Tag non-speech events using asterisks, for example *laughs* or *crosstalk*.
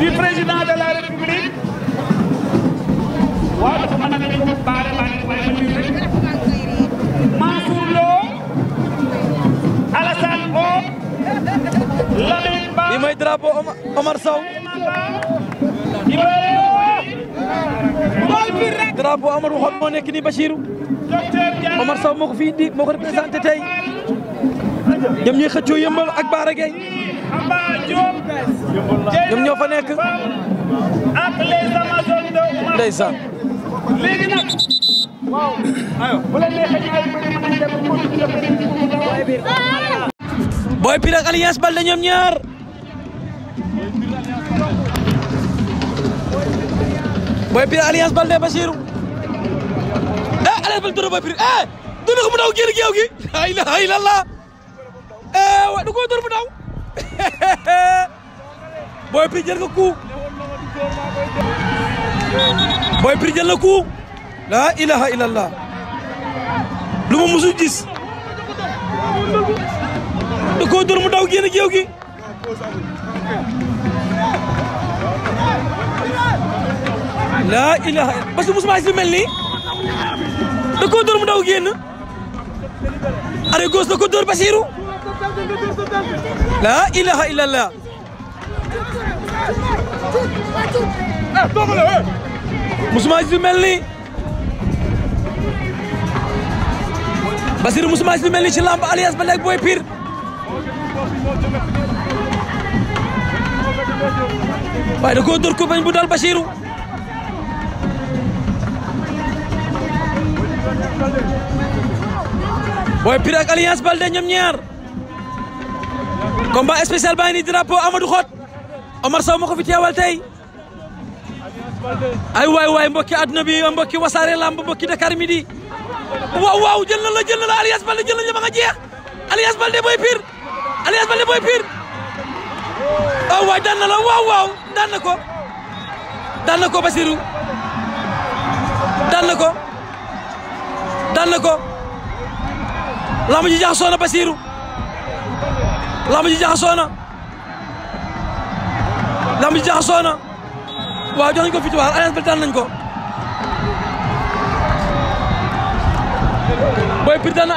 du président de la république waaw dafa mën a mel ni baare baa ngi waaye ma nuyu rek Mansour Lo Alassane Lo Lamine Ba li mooy drapeau Omar Sow mooy biir rek drapeau Omar waxoon moo nekk nii Bachirou Omar Sow moo ko fi indi moo ko représenté tey ñoom ñuy xëccoo yëmbal ak Baara Gueye ñoom ñoo fa nekk. ak les amazones de Oumar. ndeysaan. ñoom ñaar. Boy Pire Alliance Baldé Basiru. eh Alliance Baldé dóor Boy Pire eh. dóor na ko daw génn géew gi. *laughs* la ilaha illallah. eh wa du daw. *laughs* Boy Pire jël nga coup Boy Pire jël ma musul gis da koo dóor mu daw génn géew gi laa ilaha parce que musuma gis mel nii koo dóor mu daw génn are gos da ko laa ilaha illallah musuma gis lu mel nii Basiru musuma gis lu mel nii ci lamb alias ba nekk booy pire ak alliance Baldé ñoom ñaar combat spécial baa ngi nii drapeau Amadou Xot Omar Sow ma ko fi teewal tey ay waay waay mbokki adduna mbokki wasaare lamb mbokki Dakar waaw waaw jël na la jël na la Alias Baldé jël nañ la ba nga jeex Alias Baldé boy pire Alias oh, waay daan na la waaw waaw na ko daan na ko Basirou daan na ko daan na ko lamb ji jaxasoo lamb ji lamb ji jaxasoo na waaw jox nañ ko victoire Alliance Baldé daan nañ ko Boy Pire daan na